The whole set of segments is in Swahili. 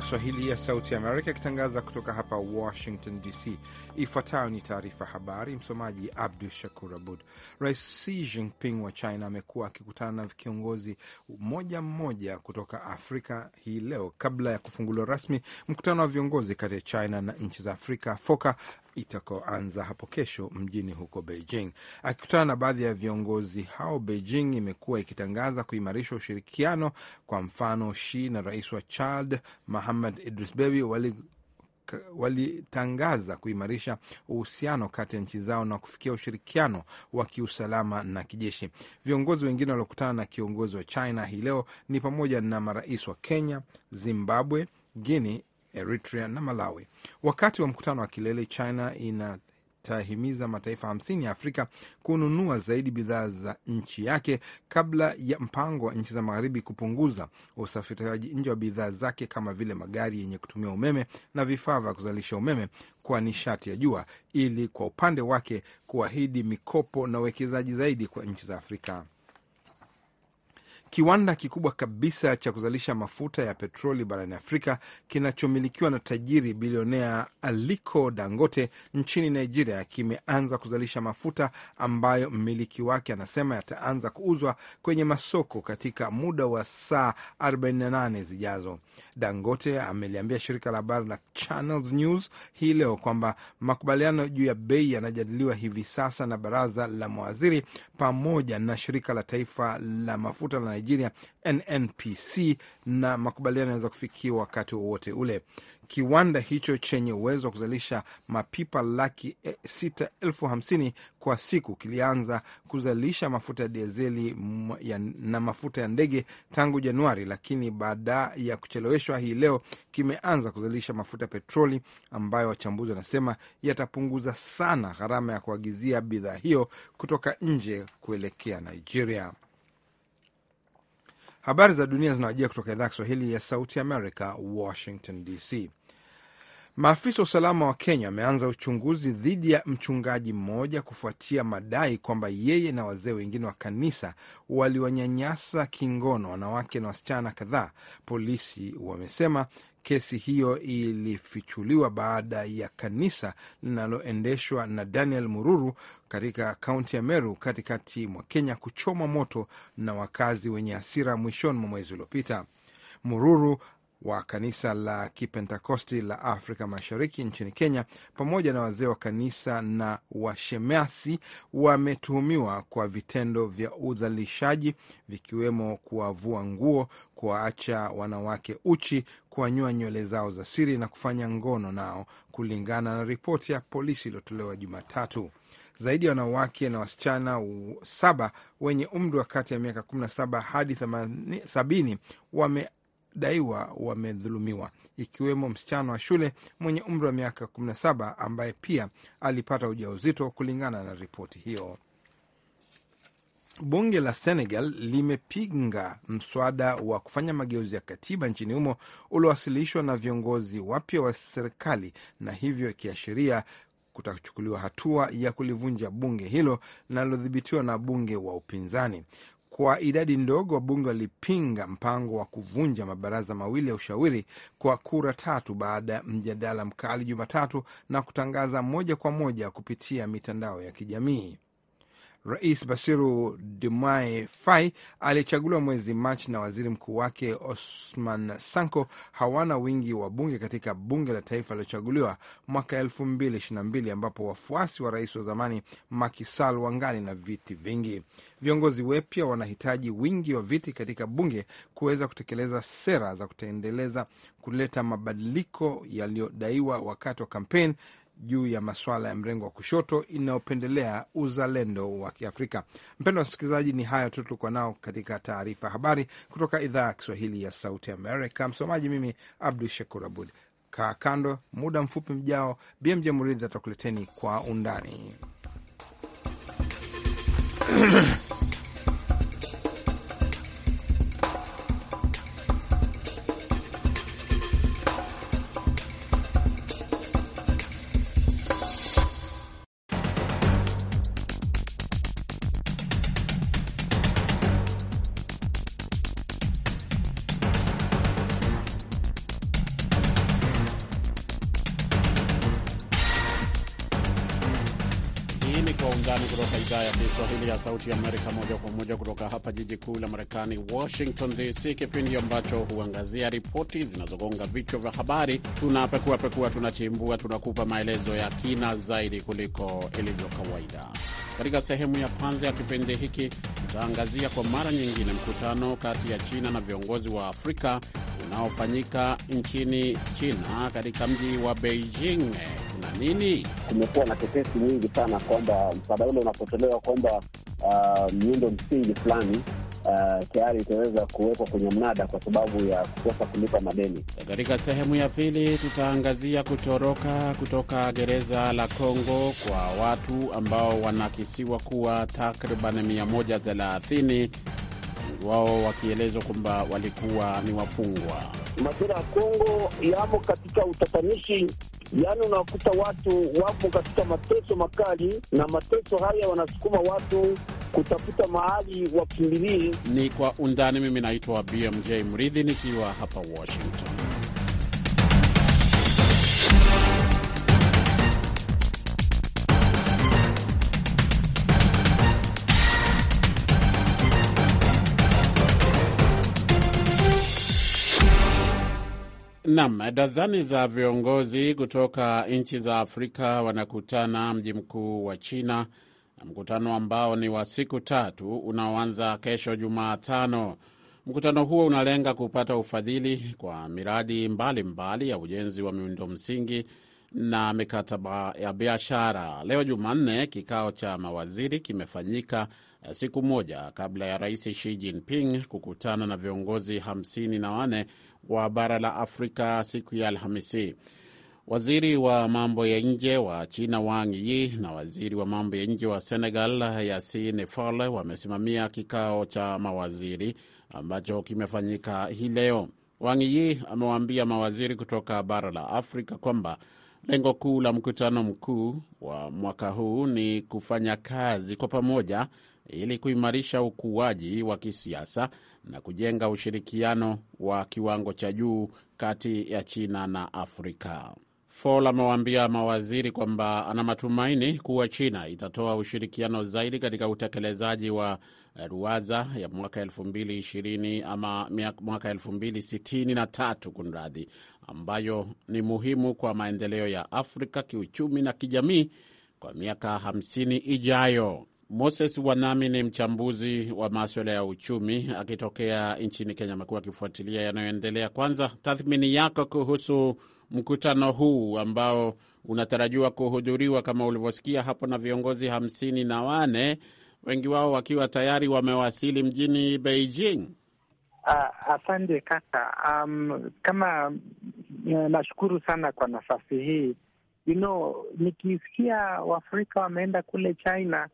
ya Swahili ya Sauti Amerika ikitangaza kutoka hapa Washington DC. Ifuatayo ni taarifa habari. Msomaji Abdu Shakur Abud. Rais Xi Jinping wa China amekuwa akikutana na kiongozi mmoja mmoja kutoka Afrika hii leo kabla ya kufunguliwa rasmi mkutano wa viongozi kati ya China na nchi za Afrika FOKA itakaoanza hapo kesho mjini huko Beijing. Akikutana na baadhi ya viongozi hao, Beijing imekuwa ikitangaza kuimarisha ushirikiano. Kwa mfano, shi na rais wa Chad mahamad Idris bebi wali walitangaza kuimarisha uhusiano kati ya nchi zao na kufikia ushirikiano wa kiusalama na kijeshi. Viongozi wengine waliokutana na kiongozi wa China hii leo ni pamoja na marais wa Kenya, Zimbabwe, Guinea, Eritrea na Malawi. Wakati wa mkutano wa kilele, China inatahimiza mataifa hamsini ya Afrika kununua zaidi bidhaa za nchi yake kabla ya mpango wa nchi za magharibi kupunguza usafirishaji nje wa bidhaa zake kama vile magari yenye kutumia umeme na vifaa vya kuzalisha umeme kwa nishati ya jua, ili kwa upande wake kuahidi mikopo na uwekezaji zaidi kwa nchi za Afrika. Kiwanda kikubwa kabisa cha kuzalisha mafuta ya petroli barani Afrika kinachomilikiwa na tajiri bilionea Aliko Dangote nchini Nigeria kimeanza kuzalisha mafuta ambayo mmiliki wake anasema yataanza kuuzwa kwenye masoko katika muda wa saa 48 zijazo. Dangote ameliambia shirika la habari la Channel News hii leo kwamba makubaliano juu ya bei yanajadiliwa hivi sasa na baraza la mawaziri pamoja na shirika la taifa la mafuta la Nigeria, NNPC, na makubaliano yanaweza kufikiwa wakati wowote ule. Kiwanda hicho chenye uwezo wa kuzalisha mapipa laki eh, sita elfu hamsini kwa siku kilianza kuzalisha mafuta ya dizeli na mafuta ya ndege tangu Januari, lakini baada ya kucheleweshwa hii leo kimeanza kuzalisha mafuta ya petroli ambayo wachambuzi wanasema yatapunguza sana gharama ya kuagizia bidhaa hiyo kutoka nje kuelekea Nigeria. Habari za dunia zinawajia kutoka idhaa Kiswahili ya Sauti America, Washington DC. Maafisa wa usalama wa Kenya wameanza uchunguzi dhidi ya mchungaji mmoja kufuatia madai kwamba yeye na wazee wengine wa kanisa waliwanyanyasa kingono wanawake na wasichana kadhaa. Polisi wamesema kesi hiyo ilifichuliwa baada ya kanisa linaloendeshwa na Daniel Mururu katika kaunti ya Meru katikati mwa Kenya kuchoma moto na wakazi wenye hasira mwishoni mwa mwezi uliopita. Mururu wa kanisa la Kipentekosti la Afrika Mashariki nchini Kenya pamoja na wazee wa kanisa na washemasi wametuhumiwa kwa vitendo vya udhalishaji vikiwemo kuwavua nguo, kuwaacha wanawake uchi, kuwanyua nywele zao za siri na kufanya ngono nao, kulingana na ripoti ya polisi iliyotolewa Jumatatu. Zaidi ya wanawake na wasichana saba wenye umri wa kati ya miaka 17 hadi 70 wame wanaodaiwa wamedhulumiwa, ikiwemo msichana wa shule mwenye umri wa miaka 17 ambaye pia alipata ujauzito, kulingana na ripoti hiyo. Bunge la Senegal limepinga mswada wa kufanya mageuzi ya katiba nchini humo uliowasilishwa na viongozi wapya wa serikali na hivyo ikiashiria kutachukuliwa hatua ya kulivunja bunge hilo linalodhibitiwa na bunge wa upinzani kwa idadi ndogo, wabunge walipinga mpango wa kuvunja mabaraza mawili ya ushauri kwa kura tatu baada ya mjadala mkali Jumatatu na kutangaza moja kwa moja kupitia mitandao ya kijamii. Rais Basiru Dumai Fai aliyechaguliwa mwezi Machi na waziri mkuu wake Osman Sanko hawana wingi wa bunge katika bunge la taifa aliochaguliwa mwaka mbili ambapo wafuasi wa rais wa zamani makisal wangali na viti vingi. Viongozi wapya wanahitaji wingi wa viti katika bunge kuweza kutekeleza sera za kutendeleza kuleta mabadiliko yaliyodaiwa wakati wa kampeni juu ya maswala ya mrengo wa kushoto inayopendelea uzalendo wa Kiafrika. Mpendo wa msikilizaji, ni hayo tu tulikuwa nao katika taarifa ya habari kutoka idhaa ya Kiswahili ya Sauti Amerika. Msomaji mimi Abdu Shakur Abud. Kaa kando, muda mfupi mjao BMJ Muridhi atakuleteni kwa undani Sauti ya Amerika moja kwa moja kutoka hapa jiji kuu la Marekani, Washington DC, kipindi ambacho huangazia ripoti zinazogonga vichwa vya habari. Tunapekuapekua, tunachimbua, tunakupa maelezo ya kina zaidi kuliko ilivyo kawaida. Katika sehemu ya kwanza ya kipindi hiki, tutaangazia kwa mara nyingine mkutano kati ya China na viongozi wa Afrika unaofanyika nchini China katika mji wa Beijing. Kuna nini? Kumekuwa na tetesi nyingi sana kwamba msaada ule unapotolewa kwamba uh, miundo msingi fulani Uh, tayari itaweza kuwekwa kwenye mnada kwa sababu ya kukosa kulipa madeni. Katika sehemu ya pili tutaangazia kutoroka kutoka gereza la Kongo kwa watu ambao wanakisiwa kuwa takriban 130 wao wakielezwa kwamba walikuwa ni wafungwa. Majira ya Kongo yamo katika utatanishi yaani unakuta watu wapo katika mateso makali, na mateso haya wanasukuma watu kutafuta mahali wakimbilie. Ni kwa undani. Mimi naitwa BMJ Mridhi nikiwa hapa Washington. Nam, dazani za viongozi kutoka nchi za Afrika wanakutana mji mkuu wa China, mkutano ambao ni wa siku tatu unaoanza kesho Jumatano. Mkutano huo unalenga kupata ufadhili kwa miradi mbalimbali mbali ya ujenzi wa miundo msingi na mikataba ya biashara. Leo Jumanne, kikao cha mawaziri kimefanyika eh, siku moja kabla ya Rais Xi Jinping kukutana na viongozi 5na wane wa bara la Afrika siku ya Alhamisi. Waziri wa mambo ya nje wa China Wang Yi na waziri wa mambo ya nje wa Senegal Yassine Fall wamesimamia kikao cha mawaziri ambacho kimefanyika hii leo. Wang Yi amewaambia mawaziri kutoka bara la Afrika kwamba lengo kuu la mkutano mkuu wa mwaka huu ni kufanya kazi kwa pamoja ili kuimarisha ukuaji wa kisiasa na kujenga ushirikiano wa kiwango cha juu kati ya China na Afrika. Fall amewaambia mawaziri kwamba ana matumaini kuwa China itatoa ushirikiano zaidi katika utekelezaji wa ruwaza ya mwaka 2020 ama mwaka 2063 kunradhi, ambayo ni muhimu kwa maendeleo ya Afrika kiuchumi na kijamii kwa miaka 50 ijayo. Moses Wanami ni mchambuzi wa maswala ya uchumi akitokea nchini Kenya. Amekuwa akifuatilia yanayoendelea. Kwanza, tathmini yako kuhusu mkutano huu ambao unatarajiwa kuhudhuriwa kama ulivyosikia hapo na viongozi hamsini na wane, wengi wao wakiwa tayari wamewasili mjini Beijing. Uh, asante kaka. Um, kama eh, nashukuru sana kwa nafasi hii you know, nikisikia Waafrika wameenda kule China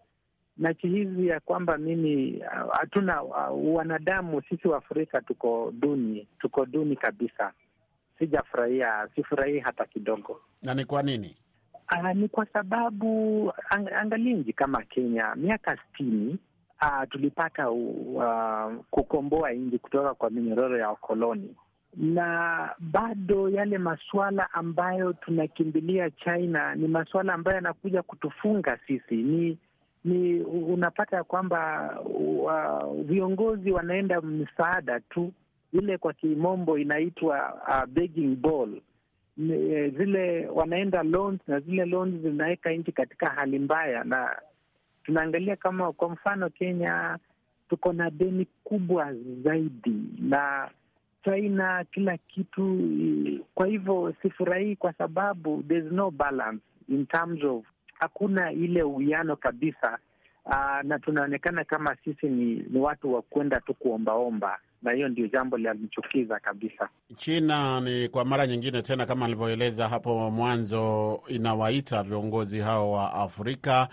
nachi hizi ya kwamba mimi uh, hatuna uh, wanadamu, sisi Waafrika tuko duni, tuko duni kabisa. Sijafurahia, sifurahii hata kidogo. Na ni kwa nini? Uh, ni kwa sababu ang, angalia kama Kenya miaka sitini Uh, tulipata uh, kukomboa nji kutoka kwa minyororo ya wakoloni, na bado yale masuala ambayo tunakimbilia China ni masuala ambayo yanakuja kutufunga sisi. Ni ni unapata ya kwamba uh, viongozi wanaenda msaada tu, ile kwa kimombo inaitwa uh, begging ball eh, zile wanaenda loans na zile loans zinaweka nchi katika hali mbaya, na tunaangalia kama kwa mfano Kenya tuko na deni kubwa zaidi na China kila kitu. Kwa hivyo sifurahii, kwa sababu there's no balance in terms of hakuna ile uwiano kabisa. Aa, ah, na tunaonekana kama sisi ni, ni watu wa kwenda tu kuombaomba, na hiyo ndio jambo linalochukiza kabisa. China ni kwa mara nyingine tena, kama alivyoeleza hapo mwanzo, inawaita viongozi hao wa Afrika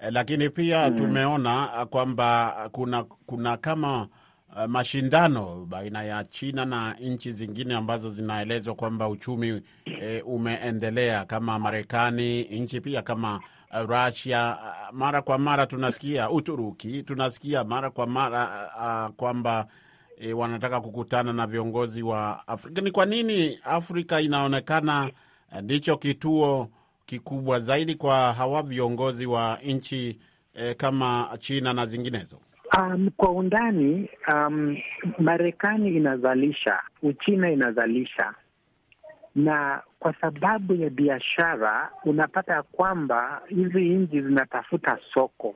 eh, lakini pia mm, tumeona kwamba kuna kuna kama Eh, mashindano baina ya China na nchi zingine ambazo zinaelezwa kwamba uchumi e, umeendelea kama Marekani, nchi pia kama eh, Russia. Mara kwa mara tunasikia Uturuki, tunasikia mara kwa mara a, ah, kwamba e, wanataka kukutana na viongozi wa Afrika. Ni kwa nini Afrika inaonekana ndicho kituo kikubwa zaidi kwa hawa viongozi wa nchi e, kama China na zinginezo? Um, kwa undani um, Marekani inazalisha, Uchina inazalisha, na kwa sababu ya biashara unapata ya kwamba hizi nchi zinatafuta soko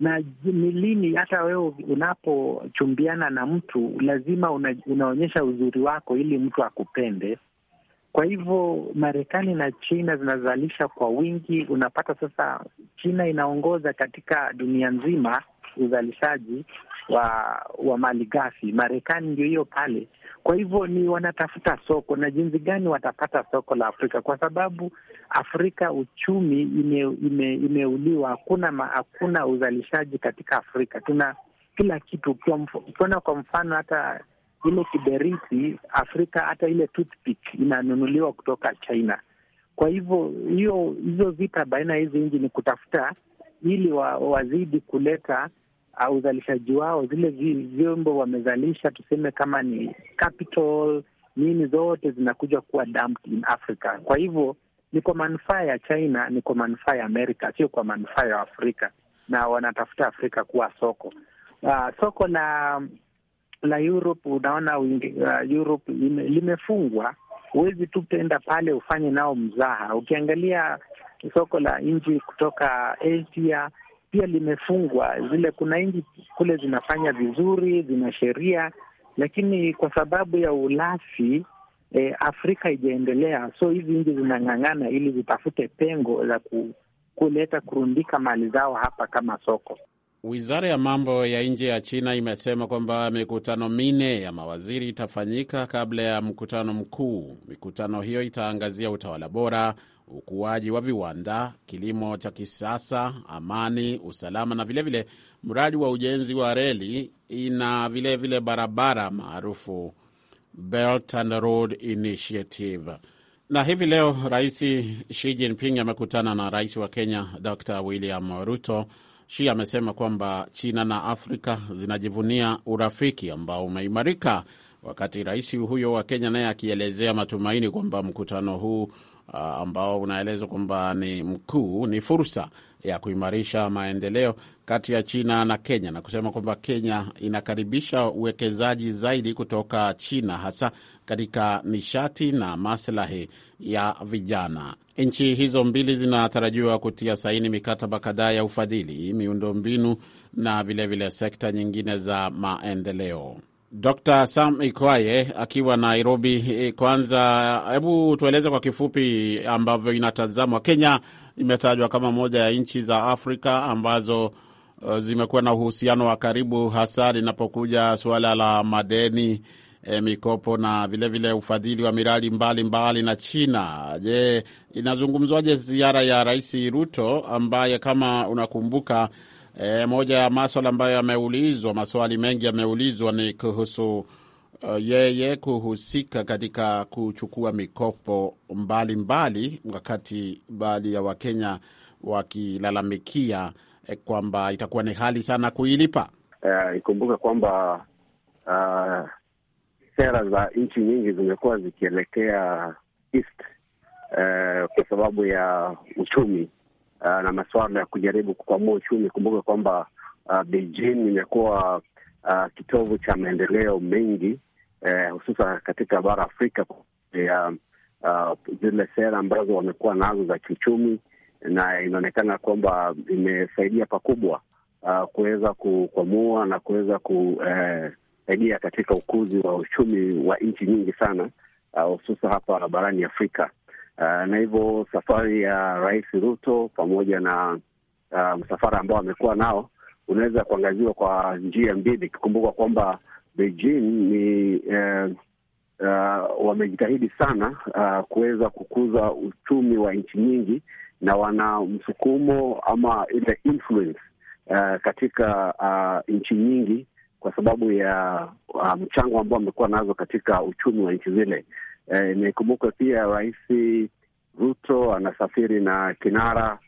na ni lini. Hata wewe unapochumbiana na mtu lazima una, unaonyesha uzuri wako ili mtu akupende. Kwa hivyo Marekani na China zinazalisha kwa wingi, unapata sasa China inaongoza katika dunia nzima uzalishaji wa wa mali ghafi. Marekani ndio hiyo pale. Kwa hivyo ni wanatafuta soko na jinsi gani watapata soko la Afrika, kwa sababu Afrika uchumi ime, imeuliwa. Hakuna hakuna uzalishaji katika Afrika, tuna kila kitu. Ukiona kwa mfano hata ile kiberiti Afrika, hata ile toothpick inanunuliwa kutoka China. Kwa hivyo hiyo hizo vita baina ya hizi nchi ni kutafuta ili wa, wazidi kuleta uh, uzalishaji wao, zile vyombo wamezalisha, tuseme kama ni capital nini, zote zinakuja kuwa dumped in Africa. Kwa hivyo ni kwa manufaa ya China, ni kwa manufaa ya Amerika, sio kwa manufaa ya Afrika, na wanatafuta Afrika kuwa soko uh, soko la la Europe. Unaona uh, Europe limefungwa, huwezi tu tenda pale ufanye nao mzaha. Ukiangalia soko la nchi kutoka Asia pia limefungwa. Zile kuna nchi kule zinafanya vizuri, zina sheria, lakini kwa sababu ya ulasi e, eh, Afrika haijaendelea, so hizi nchi zinang'ang'ana ili zitafute pengo la kuleta kurundika mali zao hapa kama soko. Wizara ya mambo ya nje ya China imesema kwamba mikutano minne ya mawaziri itafanyika kabla ya mkutano mkuu. Mikutano hiyo itaangazia utawala bora, ukuaji wa viwanda, kilimo cha kisasa, amani, usalama na vilevile mradi wa ujenzi wa reli ina vilevile vile barabara maarufu Belt and Road Initiative. Na hivi leo Rais Xi Jinping amekutana na rais wa Kenya Dr William Ruto Shi amesema kwamba China na Afrika zinajivunia urafiki ambao umeimarika, wakati rais huyo wa Kenya naye akielezea matumaini kwamba mkutano huu uh, ambao unaelezwa kwamba ni mkuu ni fursa ya kuimarisha maendeleo kati ya China na Kenya na kusema kwamba Kenya inakaribisha uwekezaji zaidi kutoka China hasa katika nishati na maslahi ya vijana. Nchi hizo mbili zinatarajiwa kutia saini mikataba kadhaa ya ufadhili, miundombinu na vilevile vile sekta nyingine za maendeleo. Dr Sam Ikwaye akiwa Nairobi. Eh, kwanza, hebu tueleze kwa kifupi ambavyo inatazamwa. Kenya imetajwa kama moja ya nchi za Afrika ambazo eh, zimekuwa na uhusiano wa karibu, hasa linapokuja suala la madeni e, mikopo na vilevile ufadhili wa miradi mbalimbali mbali na China. Je, inazungumzwaje ziara ya Rais Ruto ambaye kama unakumbuka e, moja ya maswala ambayo yameulizwa, maswali mengi yameulizwa ni kuhusu eh, yeye kuhusika katika kuchukua mikopo mbalimbali mbali, wakati baadhi ya Wakenya wakilalamikia kwamba itakuwa ni hali sana kuilipa. Ikumbuke kwamba uh, sera za nchi nyingi zimekuwa zikielekea east eh, kwa sababu ya uchumi uh, na masuala ya kujaribu kukwamua uchumi. Kumbuka kwamba uh, Beijing imekuwa uh, kitovu cha maendeleo mengi uh, hususan katika bara Afrika ya uh, zile sera ambazo wamekuwa nazo za kiuchumi, na inaonekana kwamba imesaidia pakubwa uh, kuweza kukwamua na kuweza ku uh, imesaidia katika ukuzi wa uchumi wa nchi nyingi sana uh, hususa uh, hapa barani Afrika uh, na hivyo safari ya Rais Ruto pamoja na uh, msafara ambao amekuwa nao unaweza kuangaziwa kwa njia mbili, ikikumbuka kwamba Beijing ni uh, uh, wamejitahidi sana uh, kuweza kukuza uchumi wa nchi nyingi na wana msukumo ama ile influence uh, katika uh, nchi nyingi kwa sababu ya mchango uh, mchango ambao amekuwa nazo katika uchumi wa nchi zile. E, nikumbuke pia Rais Ruto anasafiri na kinara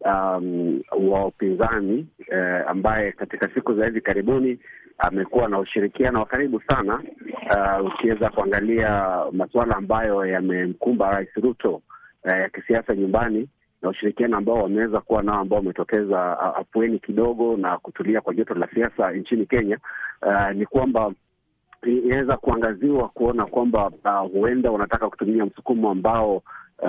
um, wa upinzani e, ambaye katika siku za hivi karibuni amekuwa na ushirikiano wa karibu sana. Uh, ukiweza kuangalia masuala ambayo yamemkumba Rais Ruto eh, ya uh, kisiasa nyumbani na ushirikiano ambao wameweza kuwa nao ambao wametokeza afueni kidogo na kutulia kwa joto la siasa nchini Kenya, uh, ni kwamba inaweza kuangaziwa kuona kwamba uh, huenda wanataka kutumia msukumo ambao Uh,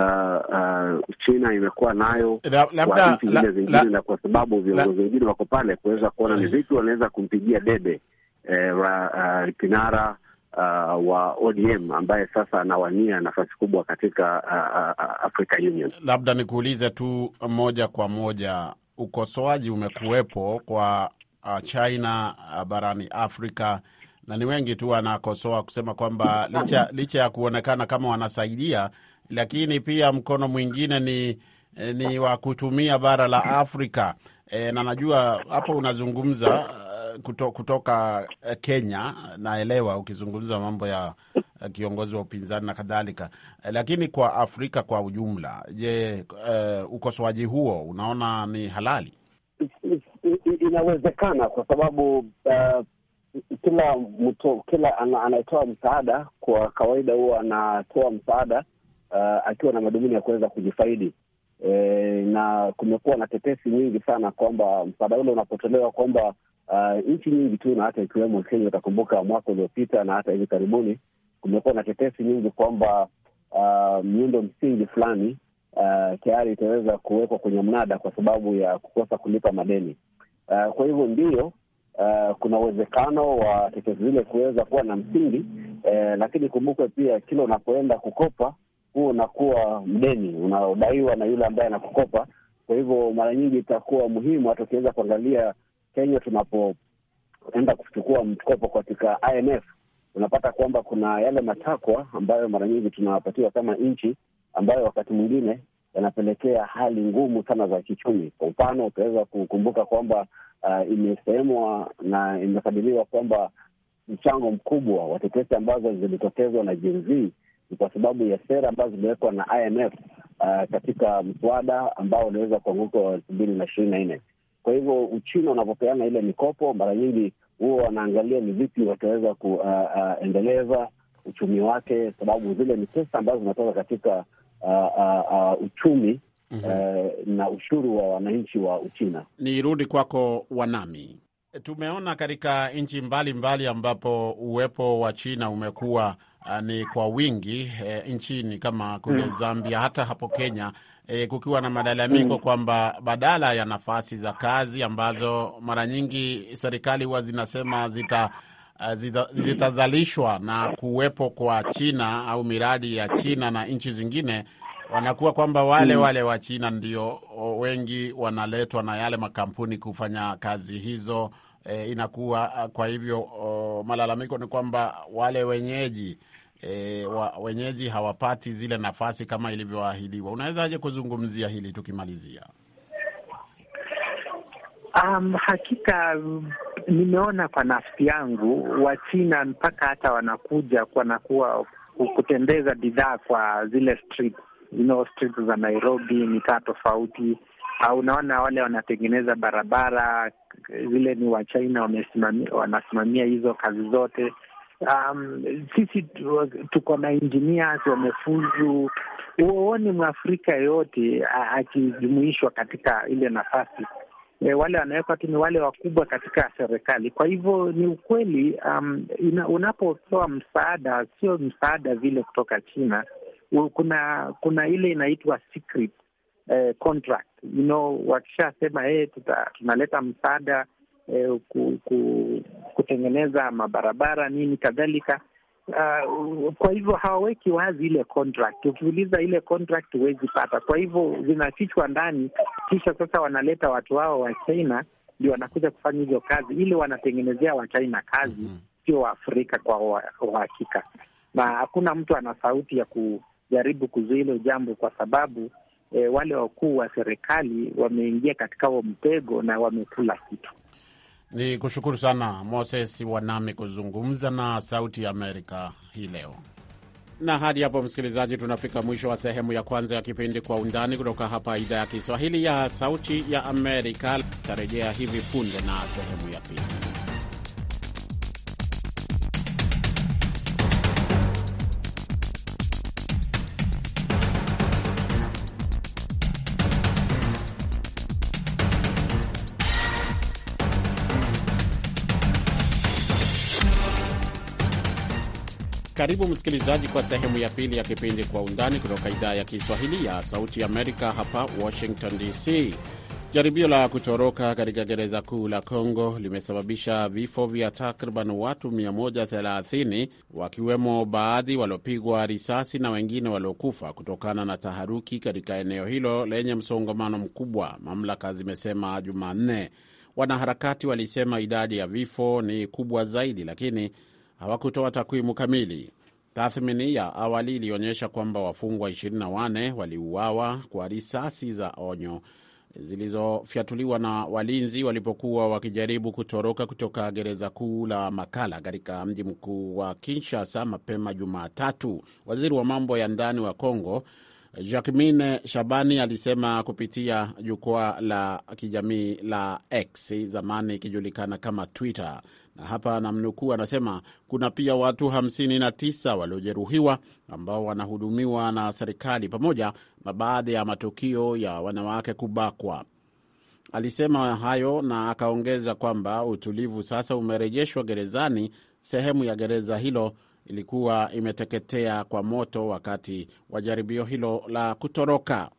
uh, China imekuwa nayo kwa nchi zile zingine, na kwa sababu viongozi wengine wako pale kuweza kuona ni vipi wanaweza kumpigia debe eh, ra, uh, Kinara uh, wa ODM ambaye sasa anawania nafasi kubwa katika uh, uh, Africa Union. Labda nikuulize tu moja kwa moja, ukosoaji umekuwepo kwa uh, China uh, barani Afrika na ni wengi tu wanakosoa kusema kwamba licha, licha ya kuonekana kama wanasaidia, lakini pia mkono mwingine ni, eh, ni wa kutumia bara la Afrika. E, na najua hapo unazungumza kuto, kutoka eh, Kenya, naelewa ukizungumza mambo ya eh, kiongozi wa upinzani na kadhalika, eh, lakini kwa Afrika kwa ujumla, je, uh, ukosoaji huo unaona ni halali? Inawezekana kwa sababu uh, kila mtu, kila anayetoa msaada kwa kawaida huwa anatoa msaada uh, akiwa na madhumuni ya kuweza kujifaidi. E, na kumekuwa na tetesi nyingi sana kwamba msaada ule unapotolewa kwamba Uh, nchi nyingi tu na hata ikiwemo Kenya. Utakumbuka mwaka uliopita na hata hivi karibuni kumekuwa na tetesi nyingi kwamba uh, miundo msingi fulani uh, tayari itaweza kuwekwa kwenye mnada kwa sababu ya kukosa kulipa madeni uh, kwa hivyo ndiyo Uh, kuna uwezekano wa tetesi zile kuweza kuwa na msingi uh, lakini kumbuke pia kila unapoenda kukopa huo unakuwa mdeni unaodaiwa na yule ambaye anakukopa. Kwa hivyo mara nyingi itakuwa muhimu hata ukiweza kuangalia Kenya tunapoenda kuchukua mkopo katika IMF, unapata kwamba kuna yale matakwa ambayo mara nyingi tunawapatiwa kama nchi, ambayo wakati mwingine yanapelekea hali ngumu sana za kichumi. Kwa mfano, utaweza kukumbuka kwamba uh, imesemwa na imekadiriwa kwamba mchango mkubwa wa tetesi ambazo zilitokezwa na JNZ ni kwa sababu ya sera ambazo zimewekwa na IMF uh, katika mswada ambao unaweza kuanguka wa elfu mbili na ishirini na nne. Kwa hivyo Uchina unapopeana ile mikopo, mara nyingi huwa wanaangalia ni vipi wataweza kuendeleza uh, uh, uchumi wake, sababu zile ni pesa ambazo zinatoka katika uh, uh, uh, uchumi mm -hmm. uh, na ushuru wa wananchi wa Uchina. Nirudi kwako Wanami. Tumeona katika nchi mbalimbali ambapo uwepo wa China umekuwa ah, ni kwa wingi e, nchini kama kule mm. Zambia, hata hapo Kenya e, kukiwa na malalamiko mm. kwamba badala ya nafasi za kazi ambazo mara nyingi serikali huwa zinasema zita ah, Zita, zitazalishwa na kuwepo kwa China au miradi ya China na nchi zingine, wanakuwa kwamba wale mm. wale wa China ndio oh, wengi wanaletwa na yale makampuni kufanya kazi hizo e, inakuwa ah, kwa hivyo o, malalamiko ni kwamba wale wenyeji e, wa, wenyeji hawapati zile nafasi kama ilivyoahidiwa. Unawezaje kuzungumzia hili tukimalizia? Um, hakika nimeona kwa nafsi yangu Wachina mpaka hata wanakuja kwanakuwa kutembeza bidhaa kwa zile street, you know, street za Nairobi, mitaa tofauti. Ah, unaona wale wanatengeneza barabara vile ni Wachina wanasimamia hizo kazi zote. Um, sisi tuko na engineers wamefuzu. Huoni mwafrika yeyote akijumuishwa katika ile nafasi e, wale wanawekwa tu ni wale wakubwa katika serikali. Kwa hivyo ni ukweli um, unapotoa msaada, sio msaada vile kutoka China, kuna kuna ile inaitwa secret eh, contract you know, wakishasema hey, tunaleta msaada eh, ku, ku, kutengeneza mabarabara nini kadhalika. Uh, kwa hivyo hawaweki wazi ile contract. Ukiuliza ile contract huwezi pata, kwa hivyo zinafichwa ndani, kisha sasa wanaleta watu wao wa China ndio wanakuja kufanya hizo kazi, ili wanatengenezea wachaina kazi, mhm. sio mm -hmm. Waafrika kwa uhakika, na hakuna mtu ana sauti ya kujaribu kuzuia hilo jambo, kwa sababu e, wale wakuu wa serikali wameingia katika huo mtego na wamekula kitu. Ni kushukuru sana Moses Wanami kuzungumza na Sauti ya Amerika hii leo. Na hadi hapo, msikilizaji, tunafika mwisho wa sehemu ya kwanza ya kipindi Kwa Undani kutoka hapa idhaa ya Kiswahili ya Sauti ya Amerika. Tarejea hivi punde na sehemu ya pili. Karibu msikilizaji, kwa sehemu ya pili ya kipindi Kwa Undani kutoka idhaa ya Kiswahili ya Sauti ya Amerika, hapa Washington DC. Jaribio la kutoroka katika gereza kuu la congo limesababisha vifo vya takriban watu 130 wakiwemo baadhi waliopigwa risasi na wengine waliokufa kutokana na taharuki katika eneo hilo lenye msongamano mkubwa, mamlaka zimesema Jumanne. Wanaharakati walisema idadi ya vifo ni kubwa zaidi, lakini hawakutoa takwimu kamili. Tathmini ya awali ilionyesha kwamba wafungwa 24 waliuawa kwa risasi za onyo zilizofyatuliwa na walinzi walipokuwa wakijaribu kutoroka kutoka gereza kuu la Makala katika mji mkuu wa Kinshasa mapema Jumatatu. Waziri wa mambo ya ndani wa Kongo jacmin Shabani alisema kupitia jukwaa la kijamii la X, zamani ikijulikana kama Twitter, na hapa namnukuu, anasema kuna pia watu 59 waliojeruhiwa ambao wanahudumiwa na serikali, pamoja na baadhi ya matukio ya wanawake kubakwa. Alisema hayo na akaongeza kwamba utulivu sasa umerejeshwa gerezani, sehemu ya gereza hilo ilikuwa imeteketea kwa moto wakati wa jaribio hilo la kutoroka.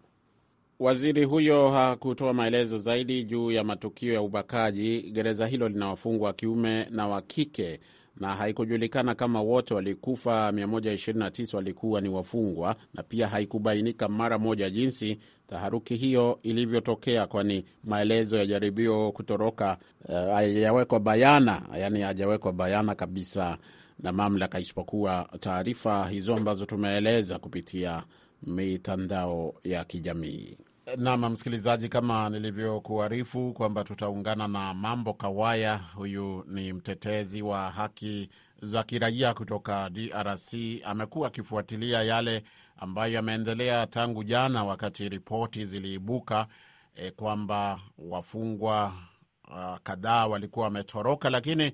Waziri huyo hakutoa maelezo zaidi juu ya matukio ya ubakaji. Gereza hilo lina wafungwa wa kiume na wa kike, na haikujulikana kama wote walikufa 129 walikuwa ni wafungwa, na pia haikubainika mara moja jinsi taharuki hiyo ilivyotokea, kwani maelezo ya jaribio kutoroka eh, hayajawekwa uh, bayana, yani hayajawekwa bayana kabisa na mamlaka, isipokuwa taarifa hizo ambazo tumeeleza kupitia mitandao ya kijamii. nam msikilizaji, kama nilivyokuarifu kwamba tutaungana na Mambo Kawaya. Huyu ni mtetezi wa haki za kiraia kutoka DRC. Amekuwa akifuatilia yale ambayo yameendelea tangu jana, wakati ripoti ziliibuka e, kwamba wafungwa ah, kadhaa walikuwa wametoroka, lakini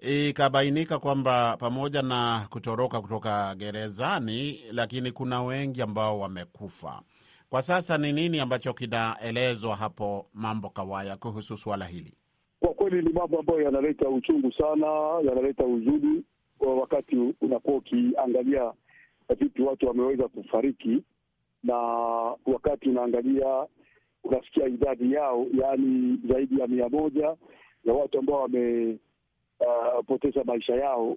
ikabainika kwamba pamoja na kutoroka kutoka gerezani, lakini kuna wengi ambao wamekufa. Kwa sasa ni nini ambacho kinaelezwa hapo Mambo Kawaya kuhusu suala hili? Kwa kweli ni mambo ambayo yanaleta uchungu sana, yanaleta huzuni kwa wakati unakuwa ukiangalia vipi watu wameweza kufariki, na wakati unaangalia unasikia idadi yao, yaani zaidi ya mia moja ya watu ambao wame Uh, poteza maisha yao,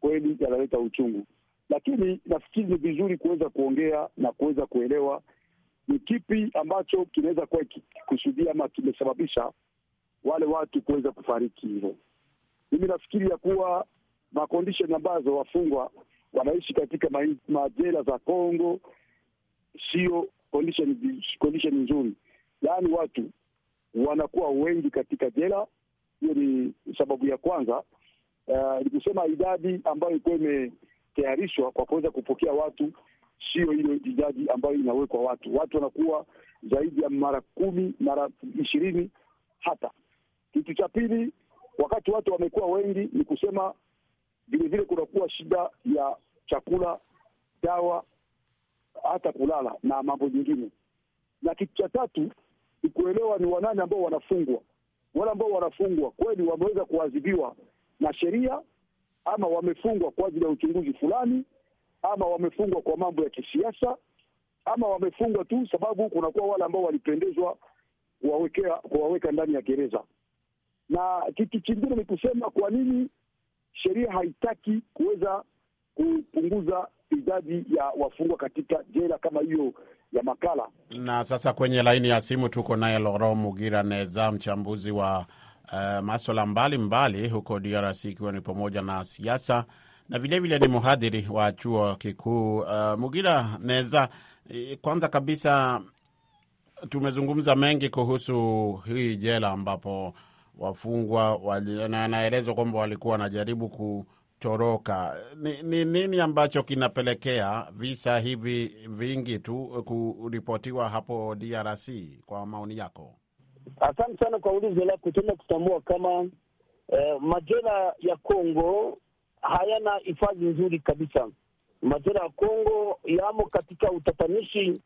kweli yanaleta uchungu, lakini nafikiri ni vizuri kuweza kuongea na kuweza kuelewa ni kipi ambacho kinaweza kuwa kikusudia ama kimesababisha wale watu kuweza kufariki hivyo. Mimi nafikiri ya kuwa makondisheni ambazo wafungwa wanaishi katika majela za Kongo sio condition nzuri, yaani watu wanakuwa wengi katika jela hiyo ni sababu ya kwanza. Uh, ni kusema idadi ambayo ilikuwa imetayarishwa kwa kuweza kupokea watu sio hiyo idadi ambayo inawekwa watu. Watu wanakuwa zaidi ya mara kumi, mara ishirini hata. Kitu cha pili, wakati watu wamekuwa wengi, ni kusema vilevile kunakuwa shida ya chakula, dawa, hata kulala na mambo nyingine. Na kitu cha tatu ni kuelewa ni wanani ambao wanafungwa wale ambao wanafungwa kweli wameweza kuadhibiwa na sheria, ama wamefungwa kwa ajili ya uchunguzi fulani, ama wamefungwa kwa mambo ya kisiasa, ama wamefungwa tu sababu kunakuwa wale ambao walipendezwa kuwawekea kuwaweka ndani ya gereza. Na kitu kingine ni kusema kwa nini sheria haitaki kuweza kupunguza idadi ya wafungwa katika jela kama hiyo ya makala. Na sasa kwenye laini ya simu tuko naye Loro Mugira Neza, mchambuzi wa uh, maswala mbalimbali huko DRC, ikiwa ni pamoja na siasa na vilevile ni mhadhiri wa chuo kikuu uh, Mugira Neza, eh, kwanza kabisa tumezungumza mengi kuhusu hii jela ambapo wafungwa wali, na anaelezwa kwamba walikuwa wanajaribu ku kutoroka. Ni, ni nini ambacho kinapelekea visa hivi vingi tu kuripotiwa hapo DRC kwa maoni yako? Asante sana kwa ulizo lako. Tuna kutambua kama eh, majela ya Kongo hayana hifadhi nzuri kabisa. Majela ya Kongo yamo katika utatanishi,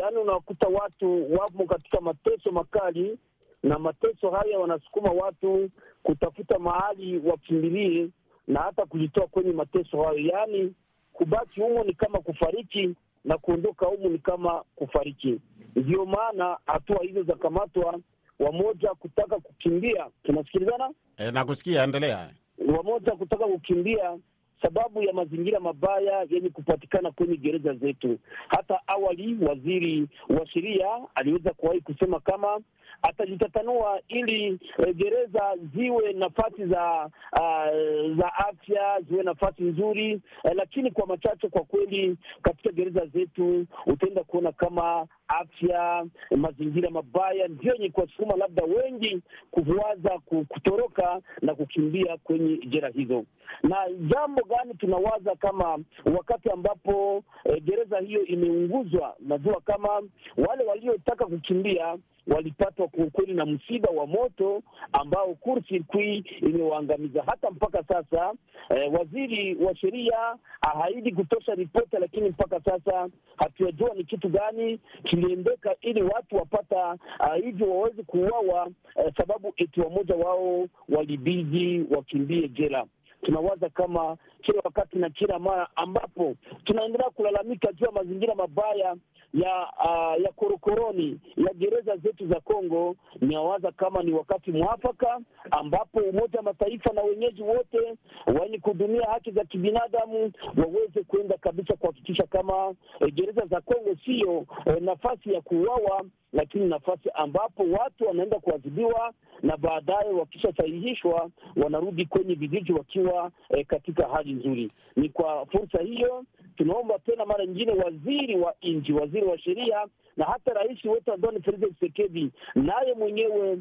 yaani unakuta watu wamo katika mateso makali, na mateso haya wanasukuma watu kutafuta mahali wakimbilie na hata kujitoa kwenye mateso hayo. Yaani, kubaki humo ni kama kufariki na kuondoka humu ni kama kufariki. Ndiyo maana hatua hizo za kamatwa, wamoja kutaka kukimbia. Tunasikilizana? E, nakusikia, endelea. Wamoja kutaka kukimbia sababu ya mazingira mabaya yenye kupatikana kwenye gereza zetu. Hata awali waziri wa sheria aliweza kuwahi kusema kama atajitatanua ili e, gereza ziwe nafasi za uh, za afya ziwe nafasi nzuri e, lakini kwa machache kwa kweli, katika gereza zetu utaenda kuona kama afya, mazingira mabaya ndio yenye kuwasukuma labda wengi kuwaza kutoroka na kukimbia kwenye jera hizo. Na jambo gani tunawaza kama wakati ambapo e, gereza hiyo imeunguzwa, najua kama wale waliotaka kukimbia walipatwa kwa ukweli na msiba wa moto ambao kursirkui imewaangamiza hata mpaka sasa. Eh, waziri wa sheria ahaidi kutosha ripoti, lakini mpaka sasa hatujajua ni kitu gani kiliendeka ili watu wapata uh, hivyo waweze kuuawa, eh, sababu eti wamoja wao walibidi wakimbie jela. Tunawaza kama kila wakati na kila mara ambapo tunaendelea kulalamika juu ya mazingira mabaya ya uh, ya korokoroni ya gereza zetu za Kongo. Ninawaza kama ni wakati mwafaka ambapo Umoja wa Mataifa na wenyeji wote wenye kuhudumia haki za kibinadamu waweze kuenda kabisa kuhakikisha kama e, gereza za Kongo sio e, eh, nafasi ya kuuawa, lakini nafasi ambapo watu wanaenda kuadhibiwa na baadaye wakishasahihishwa wanarudi kwenye vijiji wakiwa e, katika hali vizuri. Ni kwa fursa hiyo tunaomba tena mara nyingine waziri wa nchi, waziri wa sheria na hata rais wetu Antoine Felix Tshisekedi naye mwenyewe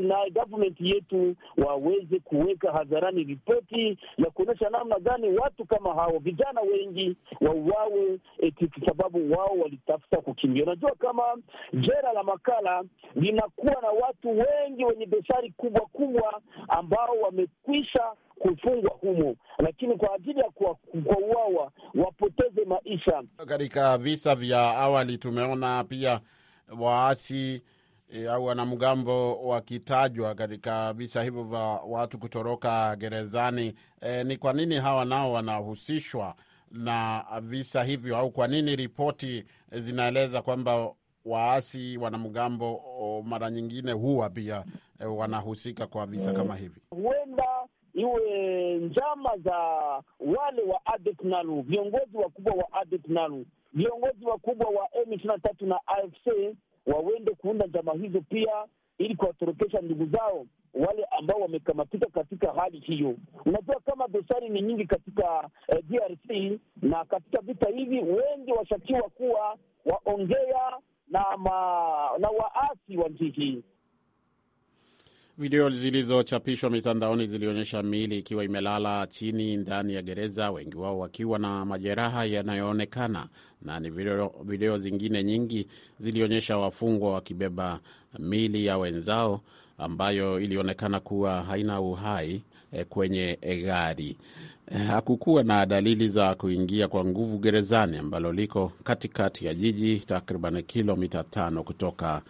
na government yetu waweze kuweka hadharani ripoti ya kuonyesha namna gani watu kama hao vijana wengi wauawe, eti sababu wao walitafuta kukimbia. Unajua kama jela la Makala linakuwa na watu wengi wenye dosari kubwa kubwa ambao wamekwisha kufungwa humo lakini kwa ajili ya uawa wapoteze maisha. Katika visa vya awali tumeona pia waasi e, au wanamgambo wakitajwa katika visa hivyo vya watu kutoroka gerezani. E, ni kwa nini hawa nao wanahusishwa na visa hivyo, au kwa nini ripoti zinaeleza kwamba waasi wanamgambo mara nyingine huwa pia e, wanahusika kwa visa kama hivi? Huenda iwe njama za wale wa ADF Nalu, viongozi wakubwa wa ADF Nalu, viongozi wakubwa wa M23 na AFC wawende kuunda njama hizo pia, ili kuwatorokesha ndugu zao wale ambao wamekamatika katika hali hiyo. Unajua kama dosari ni nyingi katika eh, DRC na katika vita hivi, wengi washakiwa kuwa waongea na, ma, na waasi wa nchi hii Video zilizochapishwa mitandaoni zilionyesha miili ikiwa imelala chini ndani ya gereza, wengi wao wakiwa na majeraha yanayoonekana, na ni video, video zingine nyingi zilionyesha wafungwa wakibeba miili ya wenzao ambayo ilionekana kuwa haina uhai eh, kwenye eh, gari. Hakukuwa na dalili za kuingia kwa nguvu gerezani ambalo liko katikati ya jiji takriban kilomita tano kutoka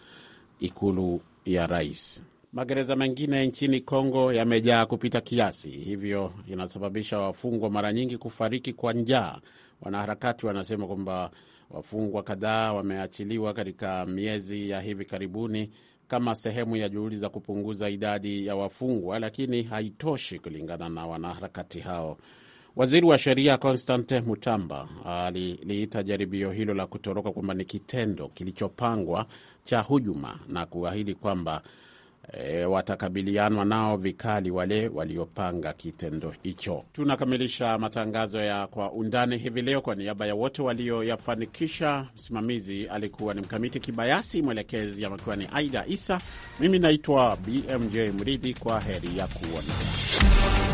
ikulu ya rais. Magereza mengine nchini Kongo yamejaa kupita kiasi, hivyo inasababisha wafungwa mara nyingi kufariki kwa njaa. Wanaharakati wanasema kwamba wafungwa kadhaa wameachiliwa katika miezi ya hivi karibuni kama sehemu ya juhudi za kupunguza idadi ya wafungwa, lakini haitoshi kulingana na wanaharakati hao. Waziri wa sheria Constant Mutamba aliliita jaribio hilo la kutoroka kwamba ni kitendo kilichopangwa cha hujuma na kuahidi kwamba e, watakabilianwa nao vikali wale waliopanga kitendo hicho. Tunakamilisha matangazo ya Kwa Undani hivi leo. Kwa niaba ya wote walioyafanikisha, msimamizi alikuwa ni Mkamiti Kibayasi, mwelekezi amekuwa ni Aida Isa, mimi naitwa BMJ Mridhi. Kwa heri ya kuonana.